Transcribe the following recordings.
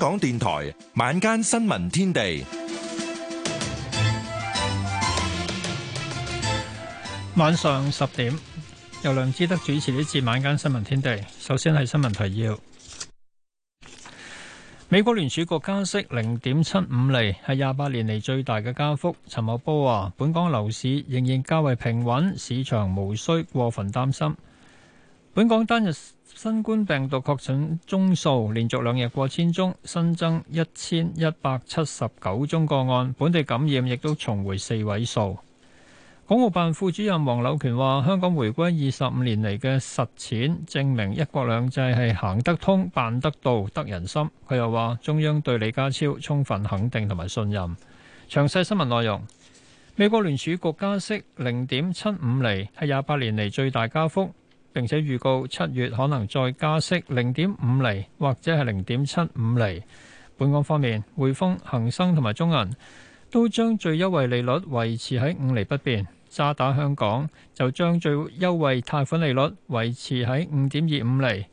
香港電台晚間新聞天地，晚上十點由梁志德主持呢次晚間新聞天地。首先係新聞提要：美國聯儲局加息零點七五厘，係廿八年嚟最大嘅加幅。陳茂波話：本港樓市仍然較為平穩，市場無需過分擔心。本港單日新冠病毒確診宗數連續兩日過千宗，新增一千一百七十九宗個案。本地感染亦都重回四位數。港澳辦副主任黃柳權話：香港回歸二十五年嚟嘅實踐證明一國兩制係行得通、辦得到、得人心。佢又話：中央對李家超充分肯定同埋信任。詳細新聞內容，美國聯儲局加息零點七五厘，係廿八年嚟最大加幅。並且預告七月可能再加息零點五厘，或者係零點七五厘。本港方面，匯豐、恒生同埋中銀都將最優惠利率維持喺五厘不變。渣打香港就將最優惠貸款利率維持喺五點二五厘。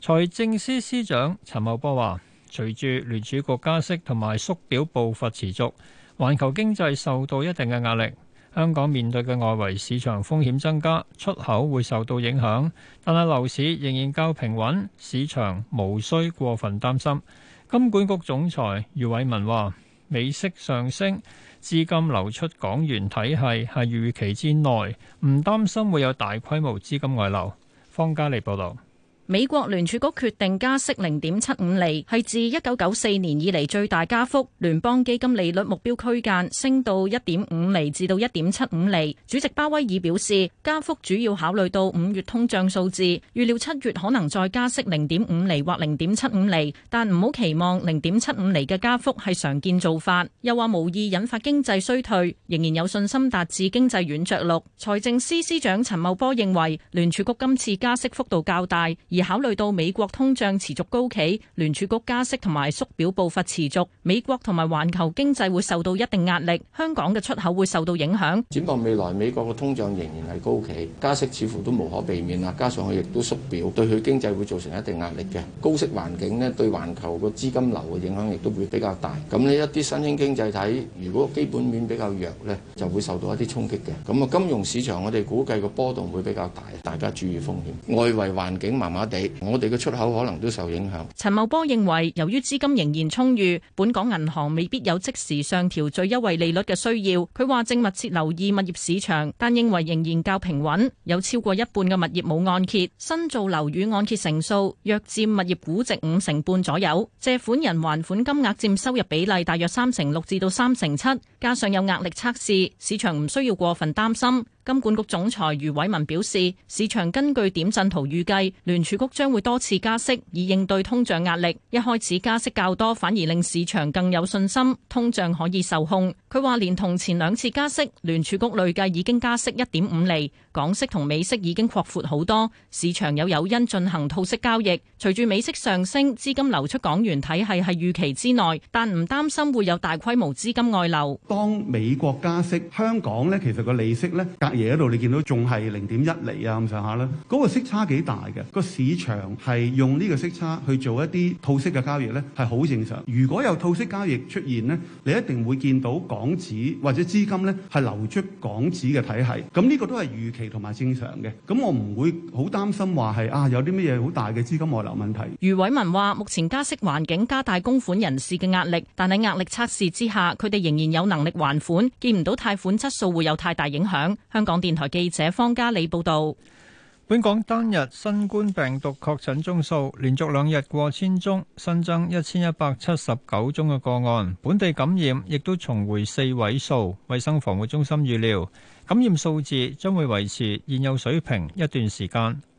財政司司長陳茂波話，隨住聯儲局加息同埋縮表步伐持續，環球經濟受到一定嘅壓力。香港面對嘅外圍市場風險增加，出口會受到影響，但係樓市仍然較平穩，市場無需過分擔心。金管局總裁余偉文話：美息上升，資金流出港元體系係預期之內，唔擔心會有大規模資金外流。方家利報道。美國聯儲局決定加息零點七五厘，係自一九九四年以嚟最大加幅。聯邦基金利率目標區間升到一點五厘至到一點七五厘。主席鮑威爾表示，加幅主要考慮到五月通脹數字，預料七月可能再加息零點五厘或零點七五厘，但唔好期望零點七五厘嘅加幅係常見做法。又話無意引發經濟衰退，仍然有信心達至經濟軟着陸。財政司司長陳茂波認為，聯儲局今次加息幅度較大。而考慮到美國通脹持續高企，聯儲局加息同埋縮表步伐持續，美國同埋環球經濟會受到一定壓力，香港嘅出口會受到影響，展望未來美國嘅通脹仍然係高企，加息似乎都無可避免啦。加上佢亦都縮表，對佢經濟會造成一定壓力嘅高息環境咧，對環球嘅資金流嘅影響亦都會比較大。咁呢一啲新興經濟體如果基本面比較弱咧，就會受到一啲衝擊嘅。咁啊，金融市場我哋估計個波動會比較大，大家注意風險，外圍環境慢慢。我哋嘅出口可能都受影響。陳茂波認為，由於資金仍然充裕，本港銀行未必有即時上調最優惠利率嘅需要。佢話正密切留意物業市場，但認為仍然較平穩。有超過一半嘅物業冇按揭，新造樓宇按揭成數約佔物業估值五成半左右，借款人還款金額佔收入比例大約三成六至到三成七。加上有壓力測試，市場唔需要過分擔心。金管局總裁余偉文表示，市場根據點陣圖預計聯儲局將會多次加息，以應對通脹壓力。一開始加息較多，反而令市場更有信心，通脹可以受控。佢話，連同前兩次加息，聯儲局累計已經加息一點五厘，港息同美息已經擴闊好多，市場有誘因進行套息交易。隨住美息上升，資金流出港元體系係預期之內，但唔擔心會有大規模資金外流。當美國加息，香港咧其實個利息咧隔夜一度，你見到仲係零點一厘啊咁上下啦。嗰個息差幾大嘅，個市場係用呢個息差去做一啲套息嘅交易咧，係好正常。如果有套息交易出現咧，你一定會見到港紙或者資金咧係流出港紙嘅體系。咁呢個都係預期同埋正常嘅。咁我唔會好擔心話係啊有啲乜嘢好大嘅資金外流。余偉文話：目前加息環境加大供款人士嘅壓力，但喺壓力測試之下，佢哋仍然有能力還款，見唔到貸款質素會有太大影響。香港電台記者方嘉里報道。本港單日新冠病毒確診宗數連續兩日過千宗，新增一千一百七十九宗嘅個案，本地感染亦都重回四位數。衛生防護中心預料感染數字將會維持現有水平一段時間。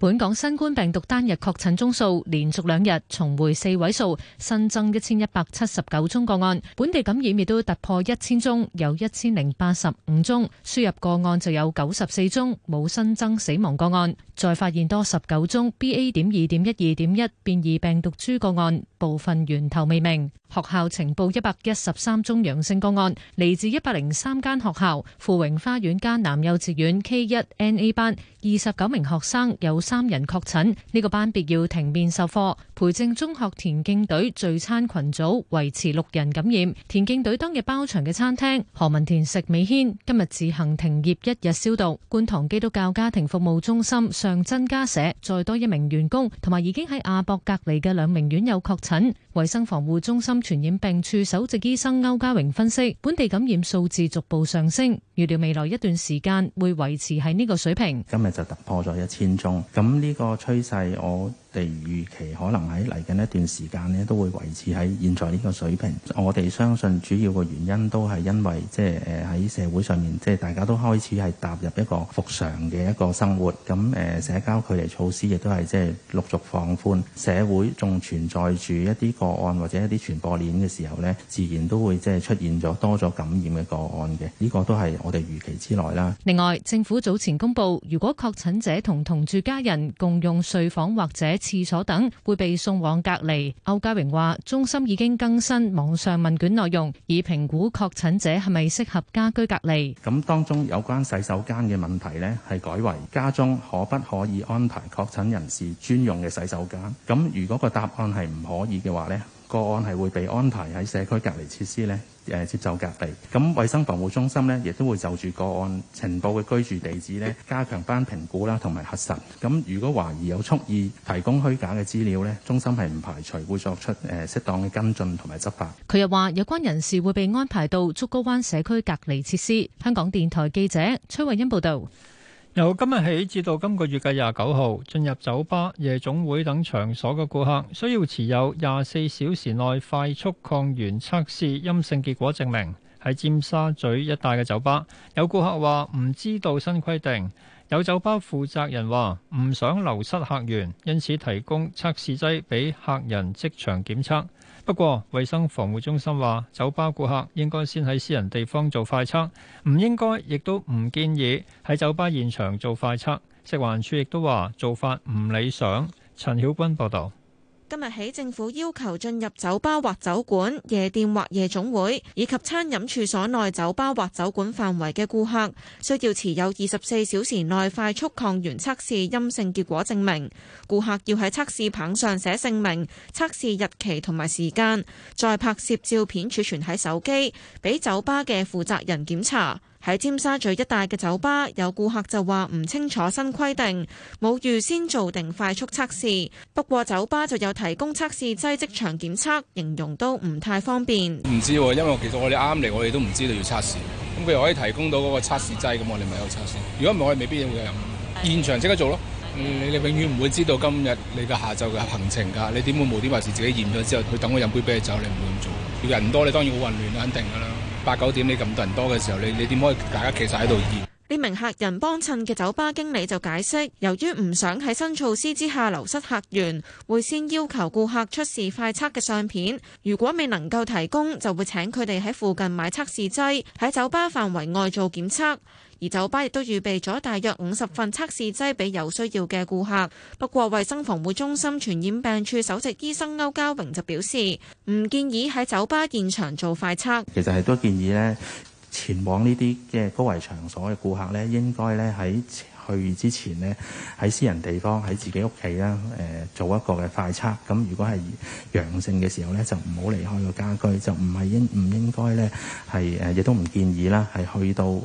本港新冠病毒單日確診宗數連續兩日重回四位數，新增一千一百七十九宗個案，本地感染亦都突破一千宗，有一千零八十五宗輸入個案就有九十四宗，冇新增死亡個案。再發現多十九宗 B A. 點二點一二點一變異病毒株個案，部分源頭未明。學校呈報一百一十三宗陽性個案，嚟自一百零三間學校，富榮花園間南幼稚園 K 一 N A 班二十九名學生有三人確診，呢個班別要停面授課。培正中學田徑隊聚餐群組維持六人感染。田徑隊當日包場嘅餐廳何文田食美軒今日自行停業一日消毒。觀塘基督教家庭服務中心上增加社再多一名員工同埋已經喺亞博隔離嘅兩名院友確診。衛生防護中心傳染病處首席醫生歐家榮分析，本地感染數字逐步上升，預料未來一段時間會維持喺呢個水平。今日就突破咗一千宗。咁呢、嗯呢個趨勢我。我哋預期可能喺嚟緊一段時間咧，都會維持喺現在呢個水平。我哋相信主要嘅原因都係因為即係誒喺社會上面，即係大家都開始係踏入一個復常嘅一個生活。咁誒、呃、社交距離措施亦都係即係陸續放寬。社會仲存在住一啲個案或者一啲傳播鏈嘅時候咧，自然都會即係出現咗多咗感染嘅個案嘅。呢、呢個都係我哋預期之內啦。另外，政府早前公布，如果確診者同同住家人共用睡房或者廁所等會被送往隔離。歐家榮話：中心已經更新網上問卷內容，以評估確診者係咪適合家居隔離。咁當中有關洗手間嘅問題呢係改為家中可不可以安排確診人士專用嘅洗手間？咁如果個答案係唔可以嘅話呢？個案係會被安排喺社區隔離設施咧，誒、呃、接受隔離。咁衛生防護中心呢，亦都會就住個案情報嘅居住地址呢，加強翻評估啦，同埋核實。咁如果懷疑有蓄意提供虛假嘅資料呢，中心係唔排除會作出誒、呃、適當嘅跟進同埋執法。佢又話：有關人士會被安排到竹篙灣社區隔離設施。香港電台記者崔慧欣報道。由今日起至到今個月嘅廿九號，進入酒吧、夜總會等場所嘅顧客，需要持有廿四小時內快速抗原測試陰性結果證明。喺尖沙咀一帶嘅酒吧，有顧客話唔知道新規定。有酒吧負責人話唔想流失客源，因此提供測試劑俾客人即場檢測。不過衛生防護中心話酒吧顧客應該先喺私人地方做快測，唔應該亦都唔建議喺酒吧現場做快測。食環署亦都話做法唔理想。陳曉君報道。今日起，政府要求進入酒吧或酒館、夜店或夜總會，以及餐飲處所內酒吧或酒館範圍嘅顧客，需要持有二十四小時內快速抗原測試陰性結果證明。顧客要喺測試棒上寫姓名、測試日期同埋時間，再拍攝照片儲存喺手機，俾酒吧嘅負責人檢查。喺尖沙咀一帶嘅酒吧有顧客就話唔清楚新規定，冇預先做定快速測試。不過酒吧就有提供測試劑即場檢測，形容都唔太方便。唔知喎，因為其實我哋啱嚟，我哋都唔知道要測試。咁佢可以提供到嗰個測試劑，咁我哋咪有測試。如果唔係，我哋未必要嘅。現場即刻做咯。呃，你哋永遠唔會知道今日你嘅下晝嘅行程㗎。你點會無端端話自己驗咗之後去等我飲杯啤酒？你唔會咁做。要人多你當然好混亂，肯定㗎啦。八九點你咁多人多嘅時候，你你點可以大家企曬喺度？二呢名客人幫襯嘅酒吧經理就解釋，由於唔想喺新措施之下流失客源，會先要求顧客出示快測嘅相片。如果未能夠提供，就會請佢哋喺附近買測試劑，喺酒吧範圍外做檢測。而酒吧亦都預備咗大約五十份測試劑俾有需要嘅顧客，不過衞生防護中心傳染病處首席醫生歐家榮就表示，唔建議喺酒吧現場做快測。其實係都建議呢前往呢啲嘅高危場所嘅顧客呢，應該呢喺，去之前呢，喺私人地方，喺自己屋企啦，誒、呃、做一個嘅快測。咁如果係陽性嘅時候咧，就唔好離開個家居，就唔係應唔應該咧係誒亦都唔建議啦。係去到誒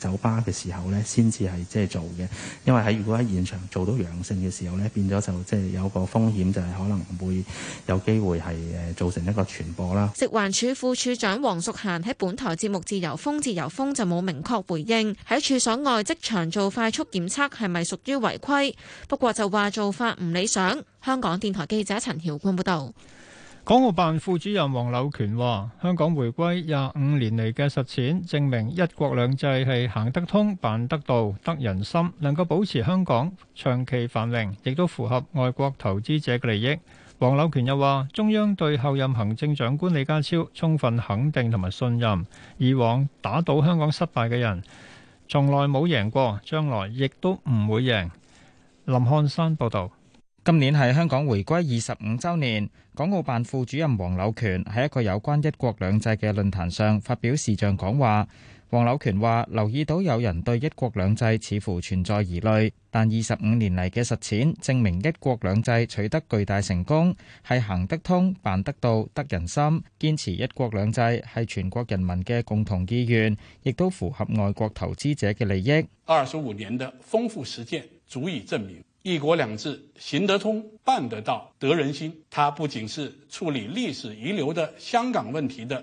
酒吧嘅時候咧，先至係即係做嘅。因為喺如果喺現場做到陽性嘅時候咧，變咗就即係有個風險就係、是、可能會有機會係誒造成一個傳播啦。食環署副署長黃淑嫻喺本台節目《自由風》《自由風》就冇明確回應，喺處所外即場做快速檢測係咪屬於違規？不過就話做法唔理想。香港電台記者陳曉冠報道，港澳辦副主任黃柳權話：香港回歸廿五年嚟嘅實踐，證明一國兩制係行得通、辦得到、得人心，能夠保持香港長期繁榮，亦都符合外國投資者嘅利益。黃柳權又話：中央對後任行政長官李家超充分肯定同埋信任，以往打倒香港失敗嘅人。從來冇贏過，將來亦都唔會贏。林漢山報導，今年係香港回歸二十五週年，港澳辦副主任黃柳權喺一個有關一國兩制嘅論壇上發表視像講話。黃柳權話：留意到有人對一國兩制似乎存在疑慮，但二十五年嚟嘅實踐證明一國兩制取得巨大成功，係行得通、辦得到、得人心。堅持一國兩制係全國人民嘅共同意願，亦都符合外國投資者嘅利益。二十五年的豐富實踐足以證明一國兩制行得通、辦得到、得人心。它不僅是處理歷史遺留的香港問題的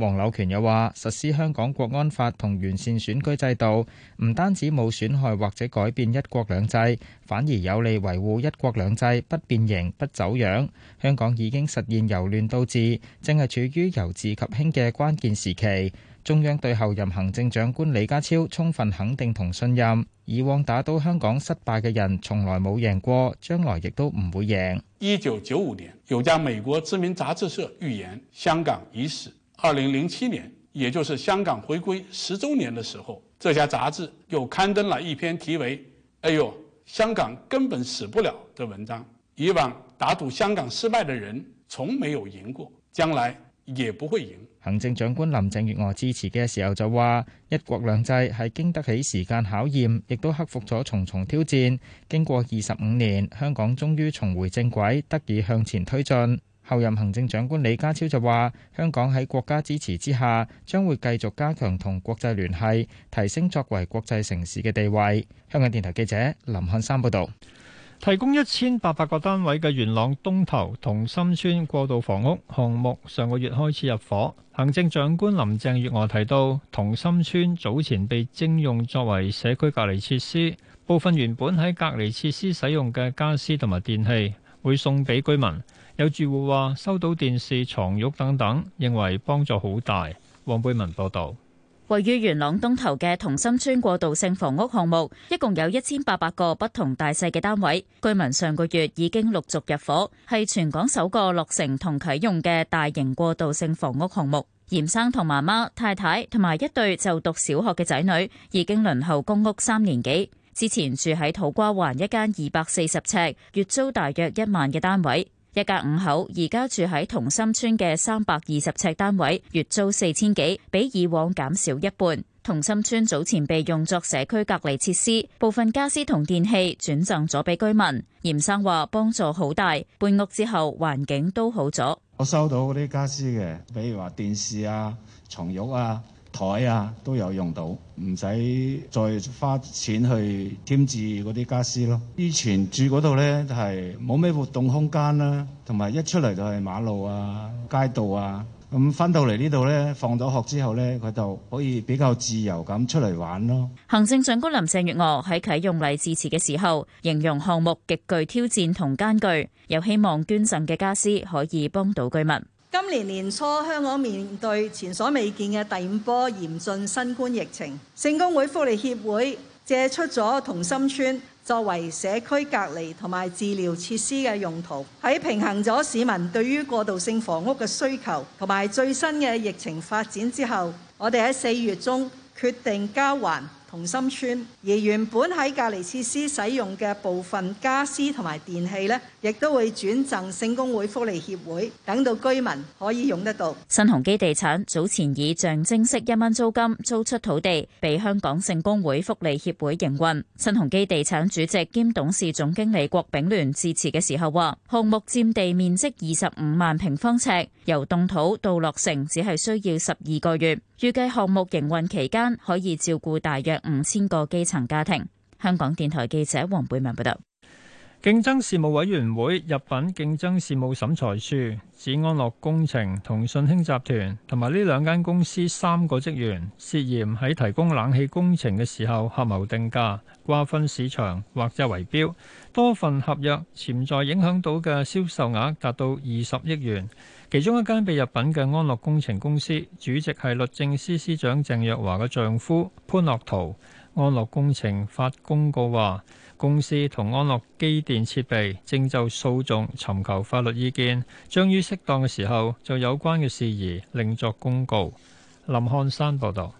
黃柳權又話：實施香港國安法同完善選舉制度，唔單止冇損害或者改變一國兩制，反而有利維護一國兩制不變形、不走樣。香港已經實現由亂到治，正係處於由治及興嘅關鍵時期。中央對候任行政長官李家超充分肯定同信任。以往打倒香港失敗嘅人，從來冇贏過，將來亦都唔會贏。一九九五年，有家美國知名雜誌社預言香港已死。二零零七年，也就是香港回歸十周年的時候，這家雜誌又刊登了一篇題為《哎喲，香港根本死不了》的文章。以往打賭香港失敗的人，從沒有贏過，將來也不會贏。行政長官林鄭月娥致辭嘅時候就話，一國兩制係經得起時間考驗，亦都克服咗重重挑戰。經過二十五年，香港終於重回正軌，得以向前推進。後任行政長官李家超就話：香港喺國家支持之下，將會繼續加強同國際聯繫，提升作為國際城市嘅地位。香港電台記者林漢山報道。提供一千八百個單位嘅元朗東頭同心村過渡房屋項目上個月開始入伙。行政長官林鄭月娥提到，同心村早前被徵用作為社區隔離設施，部分原本喺隔離設施使用嘅家私同埋電器。會送俾居民，有住戶話收到電視、床褥等等，認為幫助好大。黃貝文報道，位於元朗東頭嘅同心村過渡性房屋項目，一共有一千八百個不同大細嘅單位，居民上個月已經陸續入伙，係全港首個落成同啟用嘅大型過渡性房屋項目。嚴生同媽媽、太太同埋一對就讀小學嘅仔女，已經輪候公屋三年幾。之前住喺土瓜灣一間二百四十尺、月租大約一萬嘅單位，一家五口。而家住喺同心村嘅三百二十尺單位，月租四千幾，比以往減少一半。同心村早前被用作社區隔離設施，部分家私同電器轉贈咗俾居民。嚴生話幫助好大，搬屋之後環境都好咗。我收到嗰啲家私嘅，比如話電視啊、床褥啊、台啊都有用到，唔使再花錢去添置嗰啲家私咯。以前住嗰度咧，就係冇咩活動空間啦，同埋一出嚟就係馬路啊、街道啊。咁、嗯、翻到嚟呢度咧，放咗學之後咧，佢就可以比較自由咁出嚟玩咯。行政長官林鄭月娥喺啟用禮致辭嘅時候，形容項目極具挑戰同艱鉅，有希望捐贈嘅家私可以幫到居民。今年年初，香港面對前所未見嘅第五波嚴峻新冠疫情，聖公會福利協會借出咗同心村作為社區隔離同埋治療設施嘅用途。喺平衡咗市民對於過渡性房屋嘅需求，同埋最新嘅疫情發展之後，我哋喺四月中決定交還同心村，而原本喺隔離設施使用嘅部分家私同埋電器，咧。亦都會轉贈聖公會福利協會，等到居民可以用得到。新鴻基地產早前以象徵式一蚊租金租出土地，俾香港聖公會福利協會營運。新鴻基地產主席兼董事總經理郭炳聯致辭嘅時候話，項目佔地面積二十五萬平方尺，由動土到落成只係需要十二個月。預計項目營運期間可以照顧大約五千個基層家庭。香港電台記者黃貝文報道。競爭事務委員會入禀競爭事務審裁處，指安樂工程、同信興集團同埋呢兩間公司三個職員涉嫌喺提供冷氣工程嘅時候合謀定價、瓜分市場或者圍標，多份合約潛在影響到嘅銷售額達到二十億元。其中一間被入禀嘅安樂工程公司主席係律政司司、司長鄭若驊嘅丈夫潘樂圖。安樂工程發公告話，公司同安樂機電設備正就訴訟尋求法律意見，將於適當嘅時候就有關嘅事宜另作公告。林漢山報道。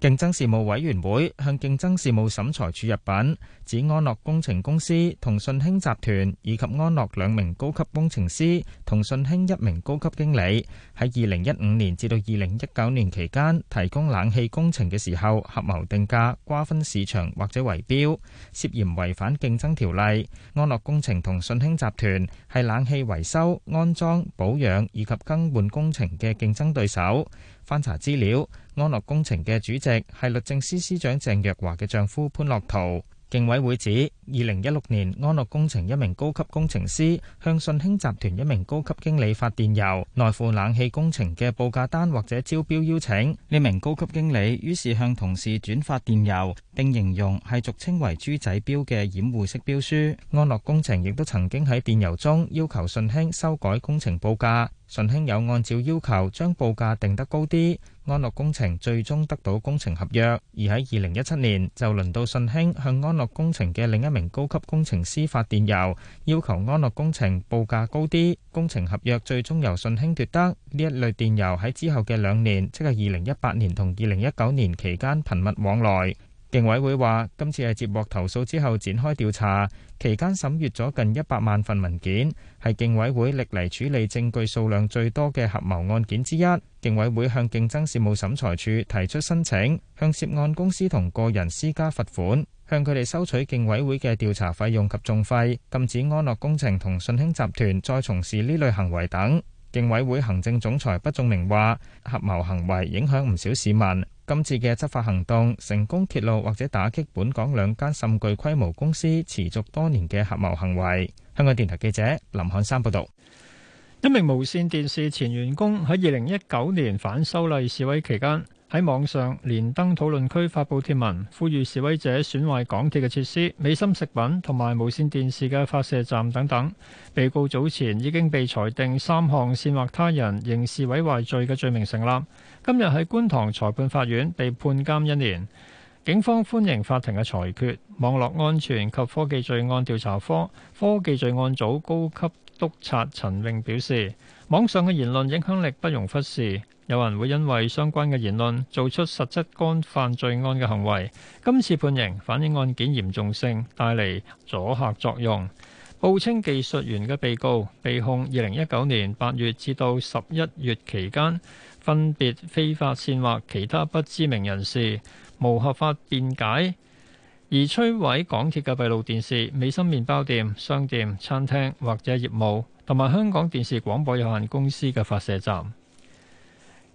競爭事務委員會向競爭事務審裁處入禀，指安樂工程公司同信興集團以及安樂兩名高級工程師同信興一名高級經理喺2015年至到2019年期間提供冷氣工程嘅時候合謀定價、瓜分市場或者圍標，涉嫌違反競爭條例。安樂工程同信興集團係冷氣維修、安裝、保養以及更換工程嘅競爭對手。翻查資料，安樂工程嘅主席係律政司司長鄭若驊嘅丈夫潘樂陶，競委會指，二零一六年安樂工程一名高級工程師向信興集團一名高級經理發電郵，內附冷氣工程嘅報價單或者招標邀請，呢名高級經理於是向同事轉發電郵。並形容係俗稱為豬仔標嘅掩護式標書。安樂工程亦都曾經喺電郵中要求順興修改工程報價，順興有按照要求將報價定得高啲。安樂工程最終得到工程合約，而喺二零一七年就輪到順興向安樂工程嘅另一名高級工程師發電郵，要求安樂工程報價高啲，工程合約最終由順興奪得。呢一類電郵喺之後嘅兩年，即係二零一八年同二零一九年期間頻密往來。競委會話：今次係接獲投訴之後展開調查，期間審閱咗近一百萬份文件，係競委會歷嚟處理證據數量最多嘅合謀案件之一。競委會向競爭事務審裁處提出申請，向涉案公司同個人私家罰款，向佢哋收取競委會嘅調查費用及訟費，禁止安樂工程同信興集團再從事呢類行為等。競委會行政總裁畢仲明話，合謀行為影響唔少市民。今次嘅執法行動成功揭露或者打擊本港兩間甚具規模公司持續多年嘅合謀行為。香港電台記者林漢山報道，一名無線電視前員工喺二零一九年反修例示威期間。喺網上連登討論區發佈帖文，呼籲示威者損壞港鐵嘅設施、美心食品同埋無線電視嘅發射站等等。被告早前已經被裁定三項煽惑他人、刑事毀壞罪嘅罪名成立，今日喺觀塘裁判法院被判監一年。警方歡迎法庭嘅裁決。網絡安全及科技罪案調查科科技罪案組高級督察陳詠表示。網上嘅言論影響力不容忽視，有人會因為相關嘅言論做出實質干犯罪案嘅行為。今次判刑反映案件嚴重性，帶嚟阻嚇作用。報稱技術員嘅被告被控二零一九年八月至到十一月期間，分別非法煽惑其他不知名人士無合法辯解，而摧毀港鐵嘅閉路電視、美心麵包店、商店、餐廳或者業務，同埋香港電視廣播有限公司嘅發射站，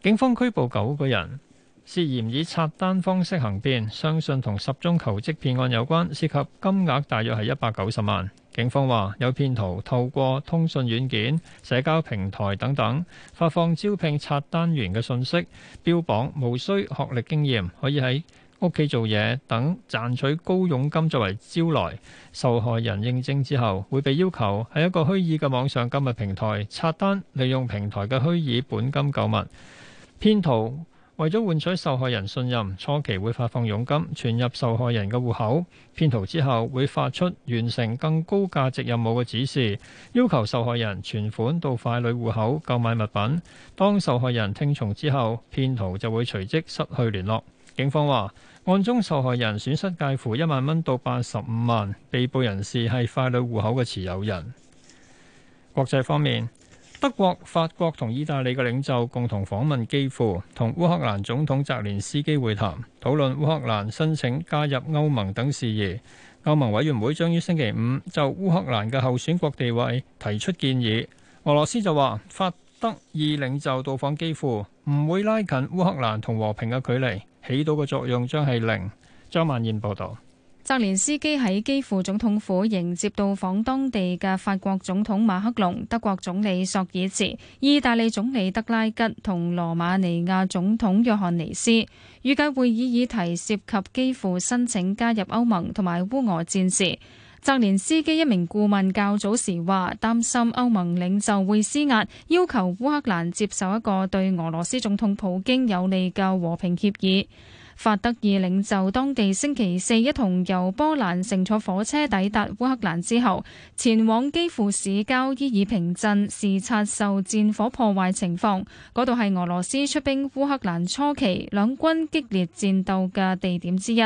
警方拘捕九個人，涉嫌以刷單方式行騙，相信同十宗求職騙案有關，涉及金額大約係一百九十萬，警方話有騙徒透過通訊軟件、社交平台等等發放招聘刷單員嘅信息，標榜無需學歷經驗，可以喺屋企做嘢，等賺取高佣金作為招來，受害人應徵之後會，被要求喺一個虛擬嘅網上購物平台刷單，利用平台嘅虛擬本金購物。騙徒為咗換取受害人信任，初期會發放佣金存入受害人嘅戶口。騙徒之後會發出完成更高價值任務嘅指示，要求受害人存款到快女戶口購買物品。當受害人聽從之後，騙徒就會隨即失去聯絡，警方話。案中受害人損失介乎一萬蚊到八十五萬，被捕人士係傀儡戶口嘅持有人。國際方面，德國、法國同意大利嘅領袖共同訪問基輔，同烏克蘭總統澤連斯基會談，討論烏克蘭申請加入歐盟等事宜。歐盟委員會將於星期五就烏克蘭嘅候選國地位提出建議，俄羅斯就話，法德意領袖到訪基輔，唔會拉近烏克蘭同和,和平嘅距離。起到嘅作用將係零。張曼燕報道，澤連斯基喺基輔總統府迎接到訪當地嘅法國總統馬克龍、德國總理朔爾茨、意大利總理德拉吉同羅馬尼亞總統約翰尼斯。預計會議議題涉及基輔申請加入歐盟同埋烏俄戰事。澤連斯基一名顧問較早時話，擔心歐盟領袖會施壓，要求烏克蘭接受一個對俄羅斯總統普京有利嘅和平協議。法德意領袖當地星期四一同由波蘭乘坐火車抵達烏克蘭之後，前往基輔市郊伊爾平鎮視察受戰火破壞情況。嗰度係俄羅斯出兵烏克蘭初期兩軍激烈戰鬥嘅地點之一。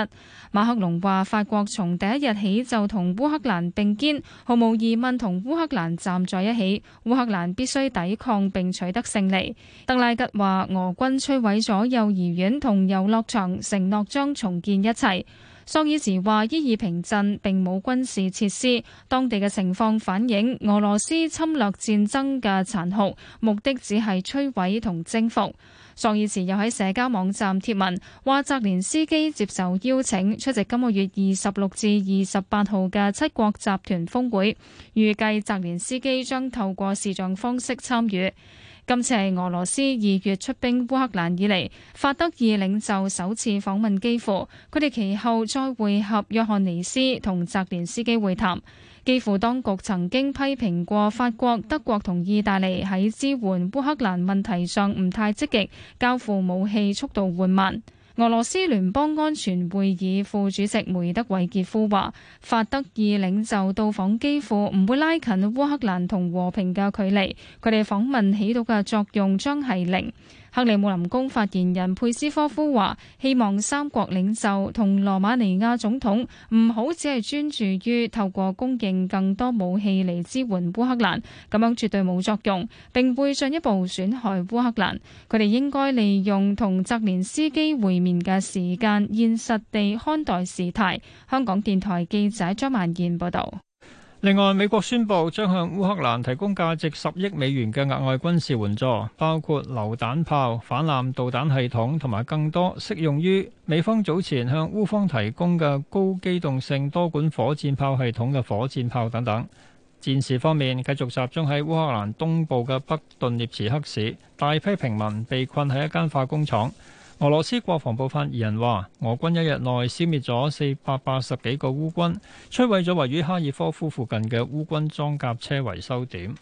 馬克龍話：法國從第一日起就同烏克蘭並肩，毫無疑問同烏克蘭站在一起。烏克蘭必須抵抗並取得勝利。德拉吉話：俄軍摧毀咗幼兒園同遊樂場。承諾將重建一切。朔爾茨話：伊爾平鎮並冇軍事設施，當地嘅情況反映俄羅斯侵略戰爭嘅殘酷，目的只係摧毀同征服。朔爾茨又喺社交網站貼文，話澤連斯基接受邀請出席今個月二十六至二十八號嘅七國集團峰會，預計澤連斯基將透過視像方式參與。今次係俄羅斯二月出兵烏克蘭以嚟，法德意領袖首次訪問基輔，佢哋其後再會合約翰尼斯同澤連斯基會談。基輔當局曾經批評過法國、德國同意大利喺支援烏克蘭問題上唔太積極，交付武器速度緩慢。俄羅斯聯邦安全會議副主席梅德韋傑夫話：法德意領袖到訪基輔，唔會拉近烏克蘭同和，和平嘅距離，佢哋訪問起到嘅作用將係零。克里姆林宮發言人佩斯科夫話，希望三國領袖同羅馬尼亞總統唔好只係專注於透過供應更多武器嚟支援烏克蘭，咁樣絕對冇作用，並會進一步損害烏克蘭。佢哋應該利用同澤連斯基會面嘅時間，現實地看待事態。香港電台記者張曼燕報道。另外，美國宣布將向烏克蘭提供價值十億美元嘅額外軍事援助，包括榴彈炮、反艦導彈系統，同埋更多適用於美方早前向烏方提供嘅高機動性多管火箭炮系統嘅火箭炮等等。戰事方面，繼續集中喺烏克蘭東部嘅北頓涅茨克市，大批平民被困喺一間化工廠。俄羅斯國防部發言人話：俄軍一日內消滅咗四百八十幾個烏軍，摧毀咗位於哈爾科夫附近嘅烏軍裝甲車維修點。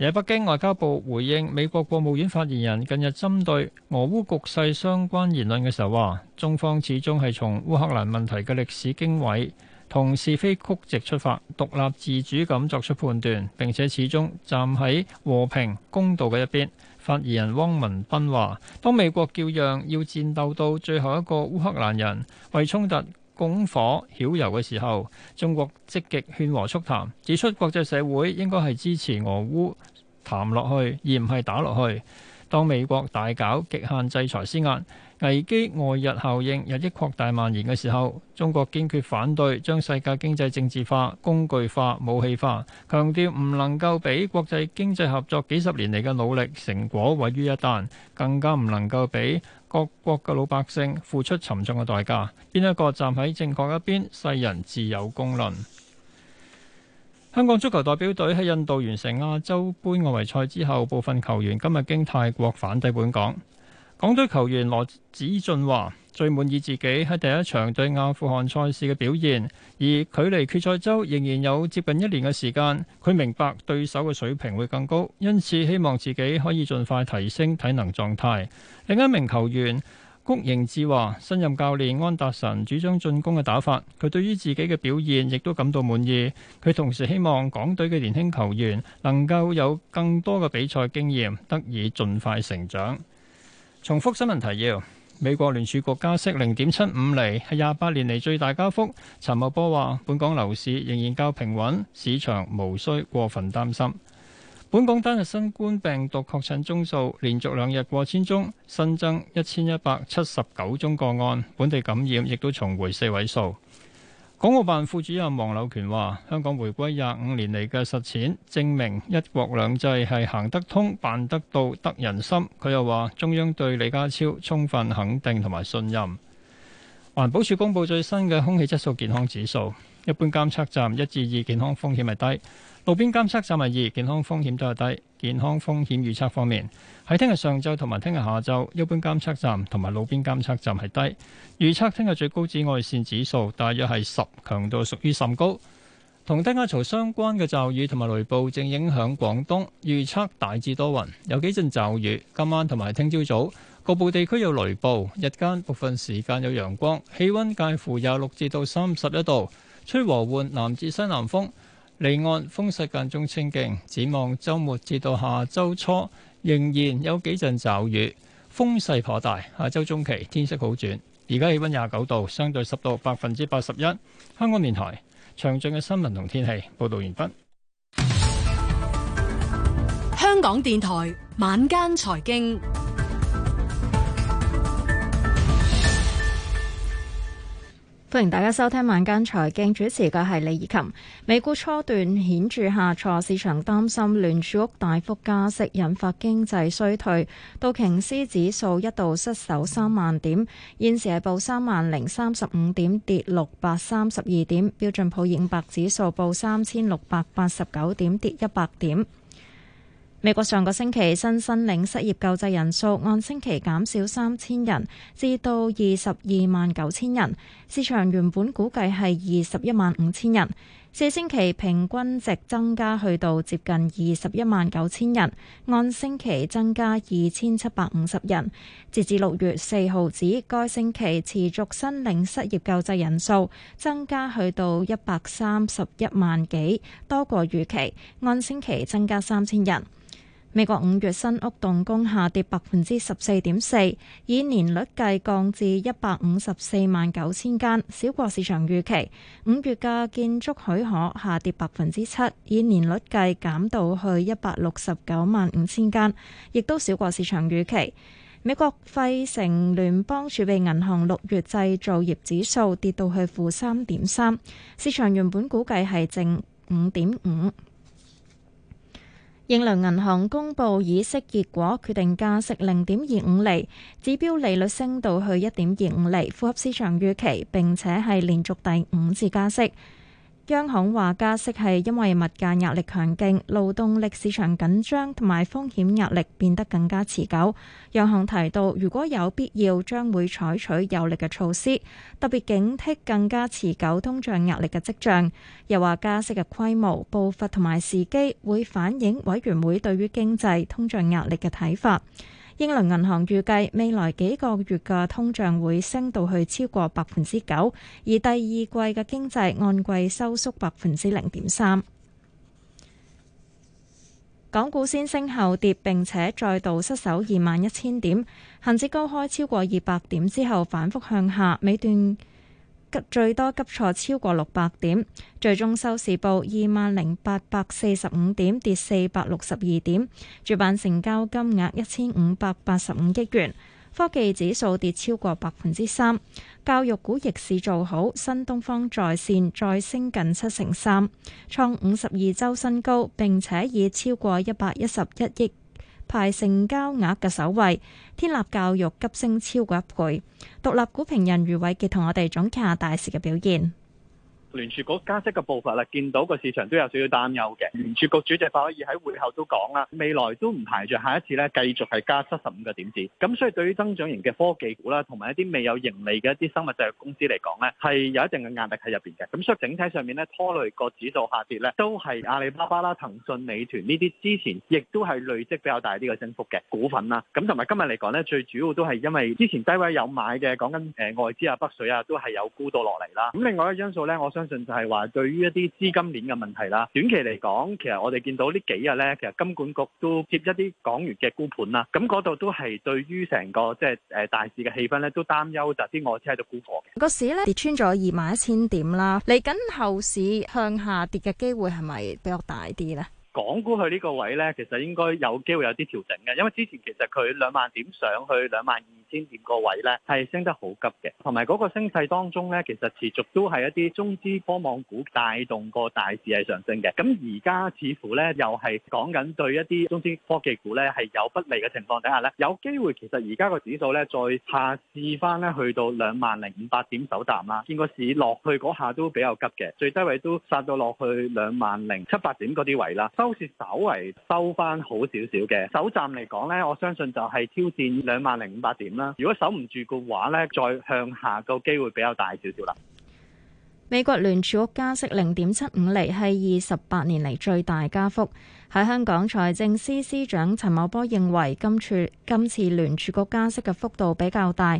而北京外交部回應美國國務院發言人近日針對俄烏局勢相關言論嘅時候，話中方始終係從烏克蘭問題嘅歷史經緯同是非曲直出發，獨立自主咁作出判斷，並且始終站喺和平公道嘅一邊。發言人汪文斌話，當美國叫嚷要戰鬥到最後一個烏克蘭人，為衝突拱火、曉油嘅時候，中國積極勸和促談，指出國際社會應該係支持俄烏談落去，而唔係打落去。當美國大搞極限制裁施壓，危機外溢效應日益擴大、蔓延嘅時候，中國堅決反對將世界經濟政治化、工具化、武器化，強調唔能夠俾國際經濟合作幾十年嚟嘅努力成果毀於一旦，更加唔能夠俾各國嘅老百姓付出沉重嘅代價。邊一個站喺正確一邊，世人自有公論。香港足球代表隊喺印度完成亞洲杯外圍賽之後，部分球員今日經泰國返抵本港。港隊球員羅子俊話最滿意自己喺第一場對阿富汗賽事嘅表現，而距離決賽周仍然有接近一年嘅時間，佢明白對手嘅水平會更高，因此希望自己可以盡快提升體能狀態，另一名球員谷盈志話，新任教練安達臣主張進攻嘅打法，佢對於自己嘅表現亦都感到滿意。佢同時希望港隊嘅年輕球員能夠有更多嘅比賽經驗得以盡快成長。重複新聞提要：美國聯儲局加息零點七五厘，係廿八年嚟，最大加幅。陳茂波話，本港樓市仍然較平穩，市場無需過分擔心。本港單日新冠病毒確診宗數連續兩日過千宗，新增一千一百七十九宗個案，本地感染亦都重回四位數。港澳辦副主任黃柳權話，香港回歸廿五年嚟嘅實踐，證明一國兩制係行得通、辦得到、得人心。佢又話，中央對李家超充分肯定同埋信任。環保署公布最新嘅空氣質素健康指數，一般監測站一至二，健康風險係低。路邊監測站係二，健康風險都係低。健康風險預測方面，喺聽日上晝同埋聽日下晝，一般監測站同埋路邊監測站係低。預測聽日最高紫外線指數大約係十，強度屬於甚高。同低壓槽相關嘅驟雨同埋雷暴正影響廣東，預測大致多雲，有幾陣驟雨。今晚同埋聽朝早，局部地區有雷暴。日間部分時間有陽光，氣溫介乎廿六至到三十一度，吹和緩南至西南風。離岸風勢間中清勁，展望週末至到下周初仍然有幾陣驟雨，風勢頗大。下周中期天色好轉，而家氣溫廿九度，相對濕度百分之八十一。香港電台詳盡嘅新聞同天氣報道完畢。香港電台晚間財經。歡迎大家收聽晚間財經，主持嘅係李怡琴。美股初段顯著下挫，市場擔心聯儲局大幅加息引發經濟衰退，道瓊斯指數一度失守三萬點，現時係報三萬零三十五點，跌六百三十二點；標準普爾五百指數報三千六百八十九點，跌一百點。美國上個星期新申領失業救濟人數按星期減少三千人，至到二十二萬九千人。市場原本估計係二十一萬五千人，四星期平均值增加去到接近二十一萬九千人，按星期增加二千七百五十人。截至六月四號止，該星期持續申領失業救濟人數增加去到一百三十一萬幾，多過預期，按星期增加三千人。美國五月新屋動工下跌百分之十四點四，以年率計降至一百五十四萬九千間，少過市場預期。五月嘅建築許可下跌百分之七，以年率計減到去一百六十九萬五千間，亦都少過市場預期。美國費城聯邦儲備銀行六月製造業指數跌到去負三點三，市場原本估計係正五點五。英倫銀行公布議息結果，決定加息零點二五厘，指標利率升到去一點二五厘，符合市場預期，並且係連續第五次加息。央行話加息係因為物價壓力強勁、勞動力市場緊張同埋風險壓力變得更加持久。央行提到，如果有必要，將會採取有力嘅措施，特別警惕更加持久通脹壓力嘅跡象。又話加息嘅規模、步伐同埋時機會反映委員會對於經濟通脹壓力嘅睇法。英倫銀行預計未來幾個月嘅通脹會升到去超過百分之九，而第二季嘅經濟按季收縮百分之零點三。港股先升後跌，並且再度失守二萬一千點，恒指高開超過二百點之後反覆向下，尾段，最多急挫超過六百點，最終收市報二萬零八百四十五點，跌四百六十二點，主板成交金額一千五百八十五億元，科技指數跌超過百分之三，教育股逆市做好，新東方在線再升近七成三，創五十二週新高，並且已超過一百一十一億，排成交額嘅首位，天立教育急升超過一倍。獨立股評人余偉傑同我哋總結下大市嘅表現。聯儲局加息嘅步伐啦，見到個市場都有少少擔憂嘅。聯儲局主席鮑威爾喺會後都講啦，未來都唔排除下一次咧繼續係加七十五個點子。咁所以對於增長型嘅科技股啦，同埋一啲未有盈利嘅一啲生物製藥公司嚟講咧，係有一定嘅壓力喺入邊嘅。咁所以整體上面咧拖累個指數下跌咧，都係阿里巴巴啦、騰訊、美團呢啲之前亦都係累積比較大啲嘅升幅嘅股份啦。咁同埋今日嚟講咧，最主要都係因為之前低位有買嘅，講緊誒外資啊、北水啊，都係有沽到落嚟啦。咁另外一個因素咧，我想。相信就係話對於一啲資金鏈嘅問題啦，短期嚟講，其實我哋見到呢幾日咧，其實金管局都接一啲港元嘅沽盤啦，咁嗰度都係對於成個即係誒大市嘅氣氛咧都擔憂，就啲外資喺度沽貨嘅。個市咧跌穿咗二萬一千點啦，嚟緊後市向下跌嘅機會係咪比較大啲咧？港股佢呢個位咧，其實應該有機會有啲調整嘅，因為之前其實佢兩萬點上去兩萬二。先點個位咧，係升得好急嘅，同埋嗰個升勢當中咧，其實持續都係一啲中資科網股帶動個大市係上升嘅。咁而家似乎咧又係講緊對一啲中資科技股咧係有不利嘅情況底下咧，有機會其實而家個指數咧再下試翻咧去到兩萬零五百點首站啦。見個市落去嗰下都比較急嘅，最低位都殺到落去兩萬零七百點嗰啲位啦。收市稍為收翻好少少嘅，首站嚟講咧，我相信就係挑戰兩萬零五百點。如果守唔住嘅話呢，再向下嘅機會比較大少少啦。美國聯儲局加息零點七五厘，係二十八年嚟最大加幅。喺香港財政司司長陳茂波認為今次，今次今次聯儲局加息嘅幅度比較大。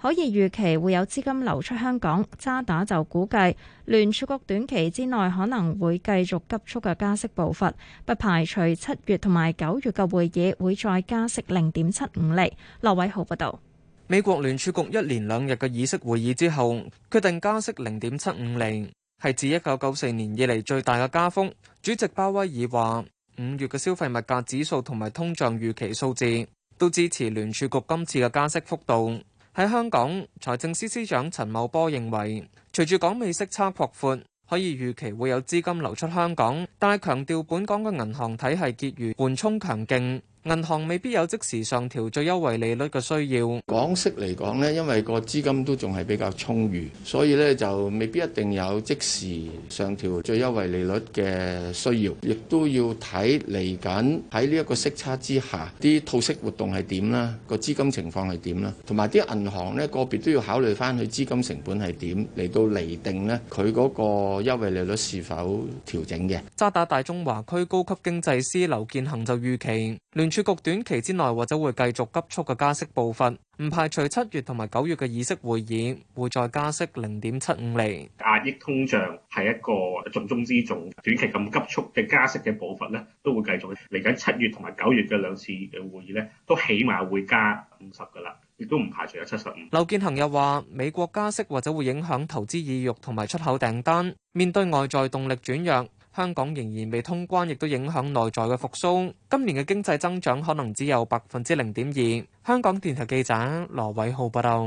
可以預期會有資金流出香港，渣打就估計聯儲局短期之內可能會繼續急速嘅加息步伐，不排除七月同埋九月嘅會議會再加息零點七五厘。羅偉豪報道，美國聯儲局一連兩日嘅議息會議之後，決定加息零點七五厘，係自一九九四年以嚟最大嘅加幅。主席鮑威爾話：五月嘅消費物價指數同埋通脹預期數字都支持聯儲局今次嘅加息幅度。喺香港，財政司司長陳茂波認為，隨住港美息差擴闊，可以預期會有資金流出香港，但係強調本港嘅銀行體系結餘緩衝強勁。銀行未必有即時上調最優惠利率嘅需要。港息嚟講呢，因為個資金都仲係比較充裕，所以咧就未必一定有即時上調最優惠利率嘅需要。亦都要睇嚟緊喺呢一個息差之下，啲套息活動係點啦，個資金情況係點啦，同埋啲銀行呢個別都要考慮翻佢資金成本係點嚟到厘定呢，佢嗰個優惠利率是否調整嘅。渣打大中華區高級經濟師劉建恒就預期儲局短期之內或者會繼續急速嘅加息步伐，唔排除七月同埋九月嘅議息會議會再加息零點七五厘。壓抑通脹係一個重中之重，短期咁急速嘅加息嘅步伐呢，都會繼續。嚟緊七月同埋九月嘅兩次嘅會議呢，都起碼會加五十噶啦，亦都唔排除有七十五。劉建恒又話：美國加息或者會影響投資意欲同埋出口訂單，面對外在動力轉弱。香港仍然未通關，亦都影響內在嘅復甦，今年嘅經濟增長可能只有百分之零點二。香港電台記者羅偉浩報道。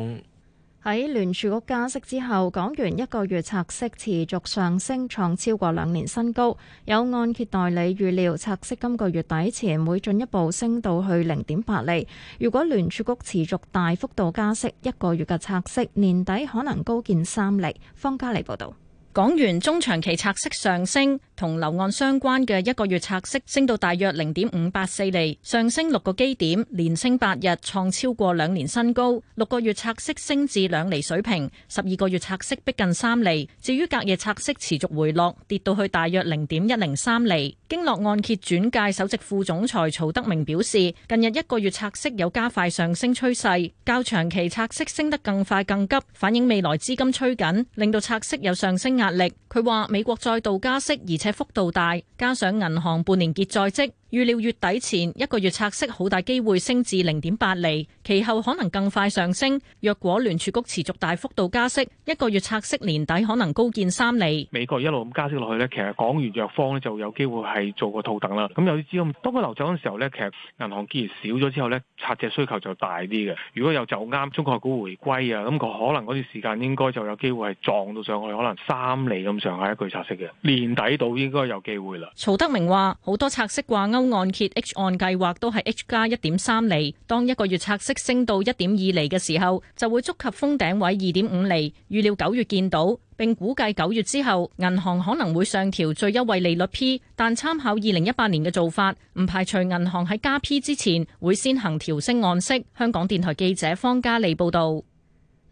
喺聯儲局加息之後，港元一個月拆息持續上升，創超過兩年新高。有按揭代理預料，拆息今個月底前會進一步升到去零點八厘，如果聯儲局持續大幅度加息，一個月嘅拆息年底可能高見三厘，方家莉報道。港元中長期拆息上升，同樓按相關嘅一個月拆息升到大約零點五八四厘，上升六個基點，連升八日，創超過兩年新高。六個月拆息升至兩厘水平，十二個月拆息逼近三厘。至於隔夜拆息持續回落，跌到去大約零點一零三厘。經絡按揭轉介首席副總裁曹德明表示，近日一個月拆息有加快上升趨勢，較長期拆息升得更快更急，反映未來資金趨緊，令到拆息有上升壓壓力，佢話美國再度加息，而且幅度大，加上銀行半年結在即。預料月底前一個月拆息好大機會升至零點八厘，其後可能更快上升。若果聯儲局持續大幅度加息，一個月拆息年底可能高見三厘。美國一路咁加息落去呢，其實港元弱方呢就有機會係做個套戥啦。咁、嗯、有啲資金當佢流走嗰陣時候呢，其實銀行結餘少咗之後呢，拆借需求就大啲嘅。如果有就啱中國股回歸啊，咁佢可能嗰段時間應該就有機會係撞到上去，可能三厘咁上下一個月拆息嘅年底到應該有機會啦。曹德明話：好多拆息掛鈎。按揭 H 按計劃都係 H 加一點三厘，當一個月拆息升到一點二厘嘅時候，就會觸及封頂位二點五厘，預料九月見到，並估計九月之後銀行可能會上調最優惠利率 P，但參考二零一八年嘅做法，唔排除銀行喺加 P 之前會先行調升按息。香港電台記者方嘉莉報道。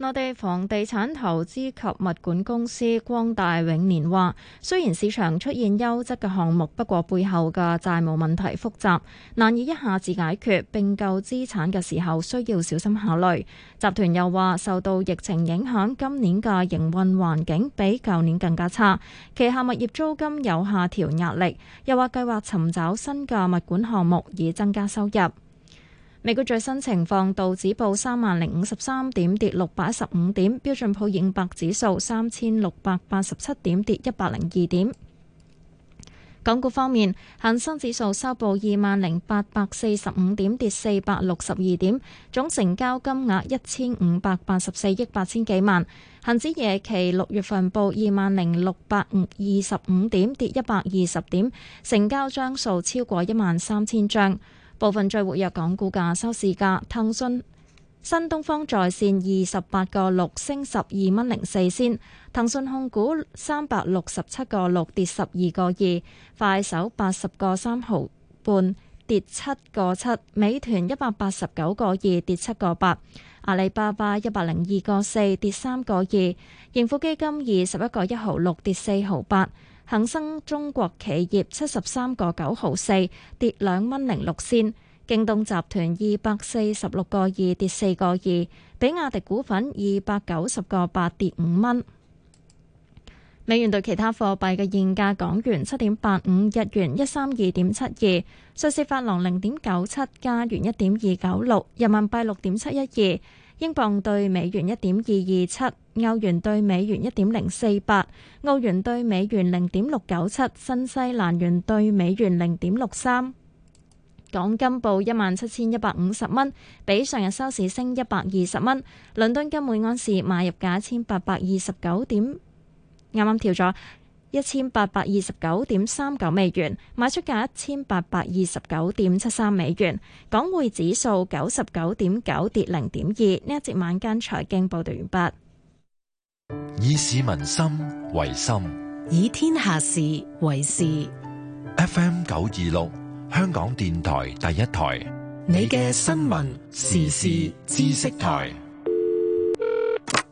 內地房地產投資及物管公司光大永年話，雖然市場出現優質嘅項目，不過背後嘅債務問題複雜，難以一下子解決。併購資產嘅時候需要小心考慮。集團又話，受到疫情影響，今年嘅營運環境比舊年更加差，旗下物業租金有下調壓力。又話計劃尋找新嘅物管項目，以增加收入。美股最新情況，道指報三萬零五十三點，跌六百一十五點；標準普爾五百指數三千六百八十七點，跌一百零二點。港股方面，恒生指數收報二萬零八百四十五點，跌四百六十二點；總成交金額一千五百八十四億八千幾萬。恒指夜期六月份報二萬零六百二十五點，跌一百二十點，成交張數超過一萬三千張。部分最活躍港股價收市價，騰訊、新東方在線二十八個六升十二蚊零四仙；騰訊控股三百六十七個六跌十二個二，快手八十個三毫半跌七個七，美團一百八十九個二跌七個八，阿里巴巴一百零二個四跌三個二，盈富基金二十一個一毫六跌四毫八。恒生中國企業七十三個九毫四，跌兩蚊零六仙。京東集團二百四十六個二跌四個二，比亞迪股份二百九十個八跌五蚊。美元兌其他貨幣嘅現價：港元七點八五，日元一三二點七二，瑞士法郎零點九七，加元一點二九六，人民幣六點七一二。英鎊兌美元一點二二七，歐元兌美元一點零四八，澳元兌美元零點六九七，新西蘭元兌美元零點六三。港金報一萬七千一百五十蚊，比上日收市升一百二十蚊。倫敦金每盎司買入價一千八百二十九點，啱啱調咗。一千八百二十九點三九美元，賣出價一千八百二十九點七三美元。港匯指數九十九點九跌零點二。呢一節晚間財經報道完畢。以市民心為心，以天下事為事。FM 九二六，香港電台第一台，你嘅新聞時事知識台。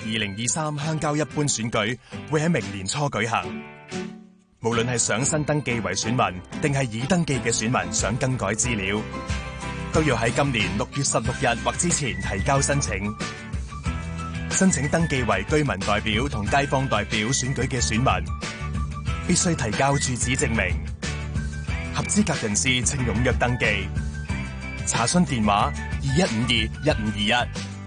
二零二三鄉郊一般選舉會喺明年初舉行。無論係想新登記為選民，定係已登記嘅選民想更改資料，都要喺今年六月十六日或之前提交申請。申請登記為居民代表同街坊代表選舉嘅選民，必須提交住址證明。合資格人士請踊躍登記。查詢電話：二一五二一五二一。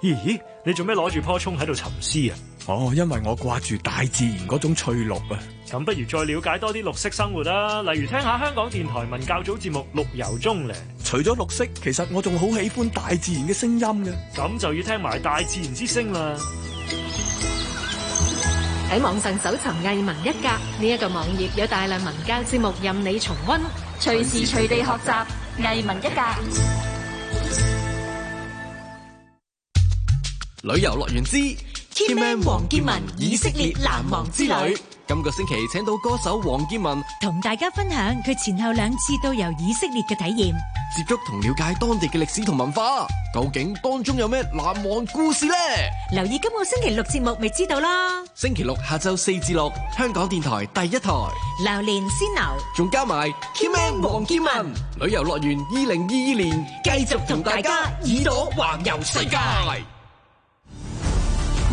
咦咦，你做咩攞住棵蔥喺度沉思啊？哦，因為我掛住大自然嗰種翠綠啊！咁不如再了解多啲綠色生活啦，例如聽下香港電台文教組節目《綠由中》咧。除咗綠色，其實我仲好喜歡大自然嘅聲音嘅，咁就要聽埋大自然之聲啦。喺網上搜尋藝文一格呢一個網頁，有大量文教節目任你重溫，隨時隨地學習藝文一格。旅遊樂園之 K M 黃建文，以色列難忘之旅，今個星期請到歌手黃建文同大家分享佢前後兩次到遊以色列嘅體驗，接觸同了解當地嘅歷史同文化，究竟當中有咩難忘故事呢？留意今個星期六節目，咪知道咯。星期六下晝四至六，香港電台第一台流年先流，仲加埋 K M 黃建文旅遊樂園二零二二年，繼續同大家耳朵環遊世界。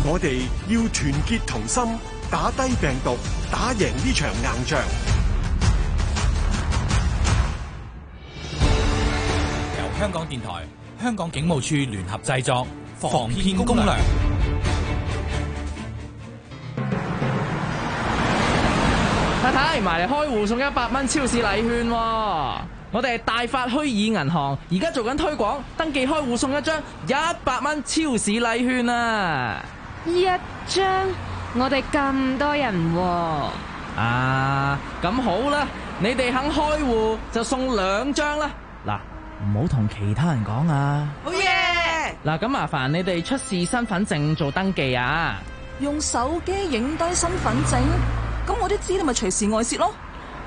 我哋要團結同心，打低病毒，打贏呢場硬仗。由香港電台、香港警務處聯合製作,作《防騙攻略》。太太埋嚟開戶送一百蚊超市禮券啊！我哋係大發虛擬銀行，而家做緊推廣，登記開戶送一張一百蚊超市禮券啊！一張，我哋咁多人喎。啊，咁、啊、好啦，你哋肯開戶就送兩張啦。嗱，唔好同其他人講啊。好嘢，oh, yeah！嗱，咁麻煩你哋出示身份證做登記啊。用手機影低身份證，咁我都知道咪隨時外泄咯。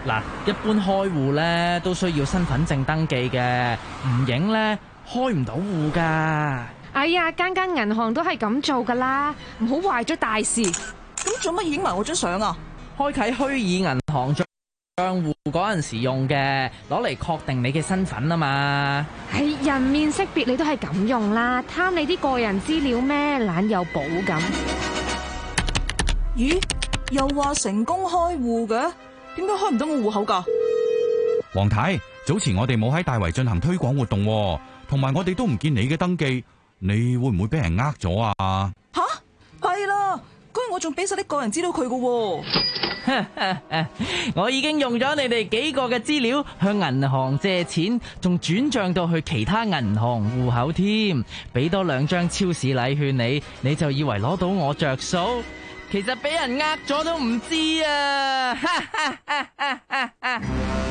嗱，一般開戶咧都需要身份證登記嘅，唔影咧開唔到戶㗎。哎呀，間間銀行都係咁做噶啦，唔好壞咗大事。咁做乜影埋我張相啊？開啟虛擬銀行賬賬戶嗰陣時用嘅，攞嚟確定你嘅身份啊嘛。係人、哎、面識別，你都係咁用啦。貪你啲個人資料咩？懶有寶咁。咦？又話成功開戶嘅？點解開唔到我戶口噶？黃太，早前我哋冇喺大圍進行推廣活動、啊，同埋我哋都唔見你嘅登記。你會唔會俾人呃咗啊？吓，係咯，居然我仲俾晒啲個人資料佢嘅。 我已經用咗你哋幾個嘅資料向銀行借錢，仲轉賬到去其他銀行戶口添，俾多兩張超市禮券你，你就以為攞到我着數，其實俾人呃咗都唔知啊！